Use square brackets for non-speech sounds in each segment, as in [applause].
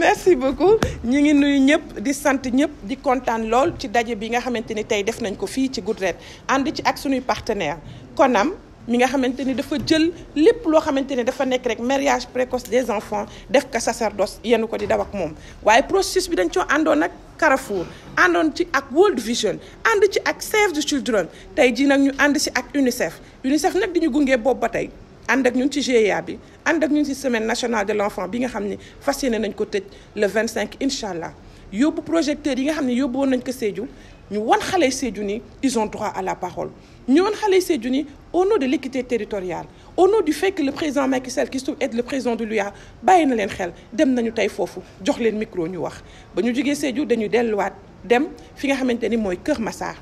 merci beaucoup ñi ngi nuyu ñëpp di sant ñëpp di kontaan lool ci daje bi nga xamante ni tey def nañ ko fii ci Goodred ànd ci ak suñuy partenaire Konam mi nga xamante ni dafa jël lépp loo xamante ni dafa nekk rek mariage précoce des enfants def ko sacerdoce yenu ko di daw ak moom waaye processus bi dañ coo àndoon ak Carrefour àndoon ci ak World Vision ànd ci ak Save the Children tey jii nag ñu ànd si ak UNICEF UNICEF nag di ñu gungee boobu ba tey ànd ak ñun ci GIA bi ànd ak ñun ci semaine nationale de l'enfant bi nga xam ne fas yéene nañ ko tëj le 25 incha allah yóbbu projecteurs yi nga xam ne yóbbu woon nañ ko Sédhiou ñu wan xale Sédhiou ni ils ont droit à la parole ñu wan xale Sédhiou ni au nom de l'équité territoriale au nom du fait que le président Macky Sall qui se trouve être le président de l'UA bàyyi na leen xel dem nañu tey foofu jox leen micro ñu wax ba ñu jógee Sédhiou dañuy delluwaat dem fi nga xamante ni mooy Kër Massar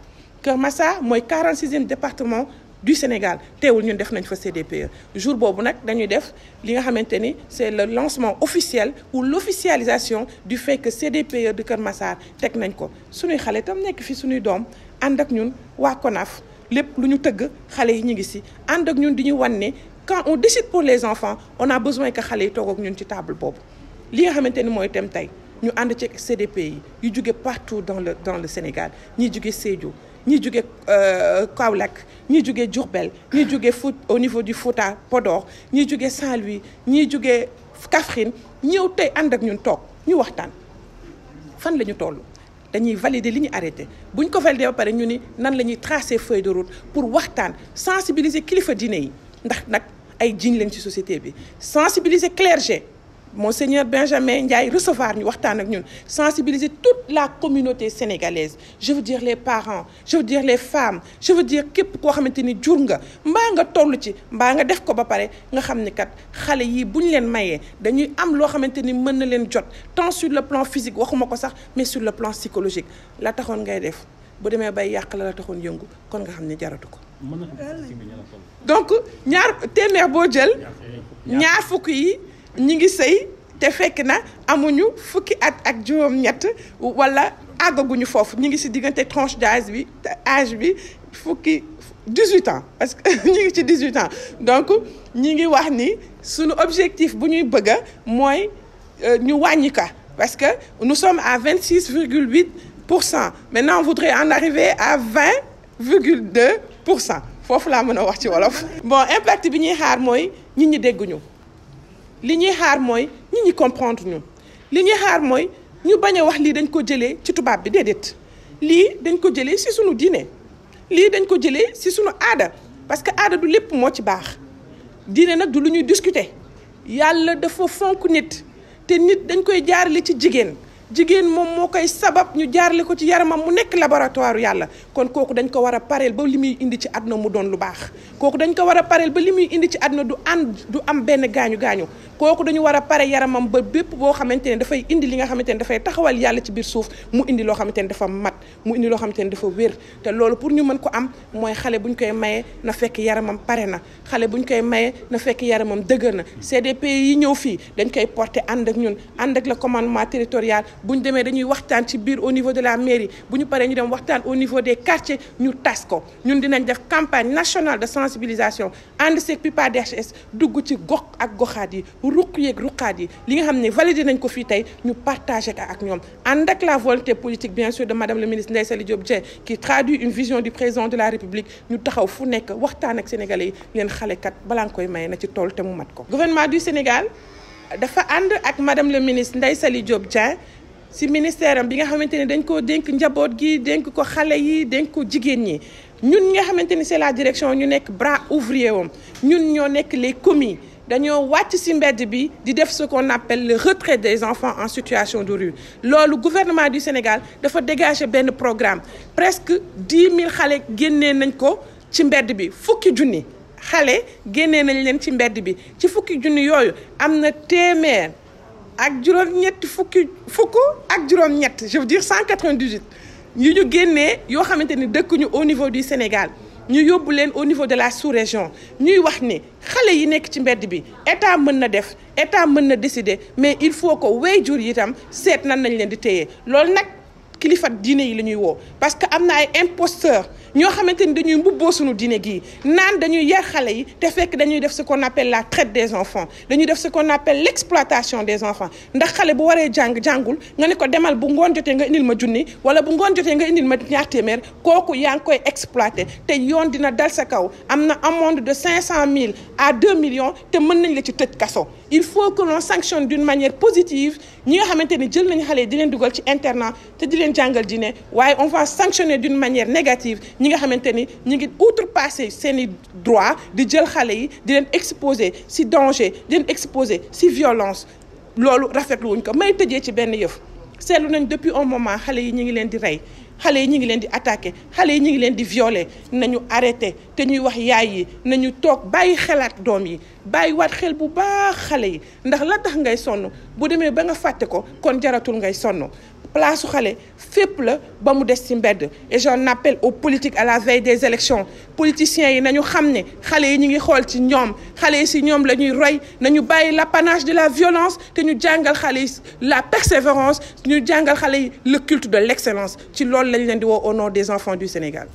Kër Massar mooy 46e département du Sénégal teewul ñun def nañ fa CDPE jour boobu nag dañuy def li nga xamante ni c'est le lancement officiel ou l'officialisation du fait que CDPE de Kër teg nañ ko suñuy xale itam nekk fi suñuy doom ànd ak ñun waa CONAF lépp lu ñu tëgg xale yi ñu ngi si ànd ak ñun di ñu wan ne quand on décide pour les enfants on a besoin que xale yi toog ak ñun ci table boobu li nga xamante ni mooy thème tey ñu ànd ci CDPE yi yu jóge partout dans le dans le Sénégal ñi jóge Sédhiou ñi jugee euh, Kaolack ñi jugee Diourbel ñi jóge Fouta au niveau du fauta Podor ñi jugee Saint-Louis ñi jóge Kaffrine ñëw tey ànd ak ñun toog ñu waxtaan fan la ñu toll. dañuy valider li ñu arrêté bu ñu ko valider ba pare ñu ni nan la ñuy tracer feuille de route pour waxtaan sensibiliser kilifa dine yi ndax nag ay jiñ lañ ci société bi sensibiliser clergé. monseigneur Benjamin Ndiaye recevoir ñu waxtaan ak ñun sensibiliser toute la communauté sénégalaise je veux dire les parents je veux dire les femmes je veux dire képp koo xamante ni jur nga mbaa nga toll ci mbaa nga def ko ba pare nga xam ni kat xale yii bu ñu leen mayee dañuy am loo xamante ni mën na leen jot tant sur le plan physique waxuma ko sax mais sur le plan psychologique la taxoon ngay def bu demee bay yàq la la taxoon yëngu kon nga xam ne jaratu ko. donc ñaar téeméer boo jël. ñaar yi. ñi ngi sëy te fekk na amuñu fukki at ak juróom-ñett wala àggaguñu foofu ñi ngi si diggante tranche d'âge bi te âge bi fukki 18 ans parce que [laughs] ñi ngi ci 18 ans donc ñi ngi wax ni suñu objectif bu ñuy bëgg a mooy euh, ñu wàññi ko parce que nous sommes à 26 virgule huit pour cent maintenant on voudrait en arriver à 20 virgule 2 pour cent foofu laa mën a wax ci wolof. bon impact bi ñuy xaar mooy nit ñi dégguñu. li ñuy xaar mooy ñi ñi comprendre ñu li ñuy xaar mooy ñu bañ a wax lii dañ ko jëlee ci tubaab bi déedéet lii dañ ko jëlee si sunu diine lii dañ ko jëlee si sunu aada parce que aada du lépp moo ci baax diine nag du lu ñuy discuter yàlla dafa fonk nit te nit dañ koy jaarale ci jigéen jigéen moom moo koy sabab ñu jaarle ko ci yaramam mu nekk laboratoire yàlla kon kooku dañ ko war a pareel ba li muy indi ci àdduna mu doon lu baax kooku dañ ko war a pareel ba li muy indi ci àdduna du ànd am benn gaañu gaañu kooku dañu war a pare yaramam ba bépp boo xamante ne dafay indi li nga xamante ne dafay taxawal yàlla ci biir suuf mu indi loo xamante ne dafa mat mu indi loo xamante ne dafa wér te loolu pour ñu mën ko am mooy xale bu ñu koy maye na fekk yaramam pare na xale bu ñu koy maye na fekk yaramam dëgër na CDP yi ñëw fii dañ koy porter ànd ak ñun ànd ak le commandement bu ñu demee dañuy waxtaan ci biir au niveau de la mairie bu ñu paree ñu dem waxtaan au niveau des quartiers ñu tas ko ñun dinañ def campagne nationale de sensibilisation ànd seeg PIPA DHS dugg ci gox ak goxaat yi ruq yeeg ruqaat yi li nga xam ne validé nañ ko fii tey ñu partagé ak ñoom ànd ak la volonté politique bien sûr de madame le ministre Ndèye Saly Diop Dieng qui traduit une vision du président de la République ñu taxaw fu nekk waxtaan ak sénégalais yi xale kat balaa nga koy maye na ci tool te mu mat ko gouvernement du Sénégal dafa ànd ak madame le ministre Ndèye Saly Diop Dieng si ministère am bi nga xamante ne dañ koo dénk njaboot gi dénk ko xale yi dénk ko jigéen ñi ñun nga xamante ni c'est la direction ñu nekk bras ouvrier wam ñun ñoo nekk les commis dañoo wàcc ci mbedd bi di def ce qu'on appelle le retrait des enfants en situation de rue loolu gouvernement du Sénégal dafa dégager benn programme presque dix xale génnee nañ ko ci mbedd bi fukki junni xale génnee nañ leen ci mbedd bi ci fukki junni yooyu am na téeméer ak juróom-ñetti fukki fukk ak juróom-ñett je veux dire 198 yu ñu génnee yoo xamante ni dëkkuñu au niveau du Sénégal ñu yóbbu leen au niveau de la sous-région ñuy wax ni xale yi nekk ci mbedd bi état mën na def état mën na décider mais il faut que waajur jur yitam seet nan nañ leen di téye loolu nag kilifa diine yi la ñuy woo parce que am na ay imposteurs. ñoo xamante dañuy mbubboo suñu diine gii naan dañuy yar xale yi te fekk dañuy def ce ko appelle la traite des enfants dañuy def ce ko appelle l'exploitation des enfants ndax xale bu waree jàng jàngul nga ne ko demal bu ngoon jotee nga indil ma junni wala bu ngoon jotee nga indil ma ñaar téeméer kooku yaa ngi koy exploité te yoon dina dal sa kaw am na amende de cinq cent mille à deux millions te mën nañ la ci tëj kaso il faut que l'on sanctionne d'une manière positive ñi nga xamante ni jël nañ xale yi dugal ci internat te di leen jàngal diine waaye on va sanctionner d'une manière négative ñi nga xamante ni ñu ngi outrepassé seen seeni droit di jël xale yi di leen exposé ci danger di leen exposé ci violence loolu rafetlu wuñ ko may tëjee ci benn yëf seetlu nañ depuis un moment xale yi ñu ngi leen di rey xale yi ñu ngi leen di attaqué xale yi ñu ngi leen di violé nañu arrêté te ñuy wax yaay yi nañu toog bàyyi xelaat doom yi bàyyi waat xel bu baax xale yi ndax la tax ngay sonn bu demee ba nga fàtte ko kon jaratul ngay sonn place su xale fépp la ba mu des ci mbedd et j'en appelle aux politiques à la veille des élections politiciens yi na ñu xam ne xale yi ñu ngi xool ci ñoom xale yi si ñoom la ñuy na ñu bàyyi l'apanage de la violence te ñu jàngal xale yi la persévérance ñu jàngal xale yi le culte de l'excellence ci loolu lañu leen di woo au nom des enfants du Sénégal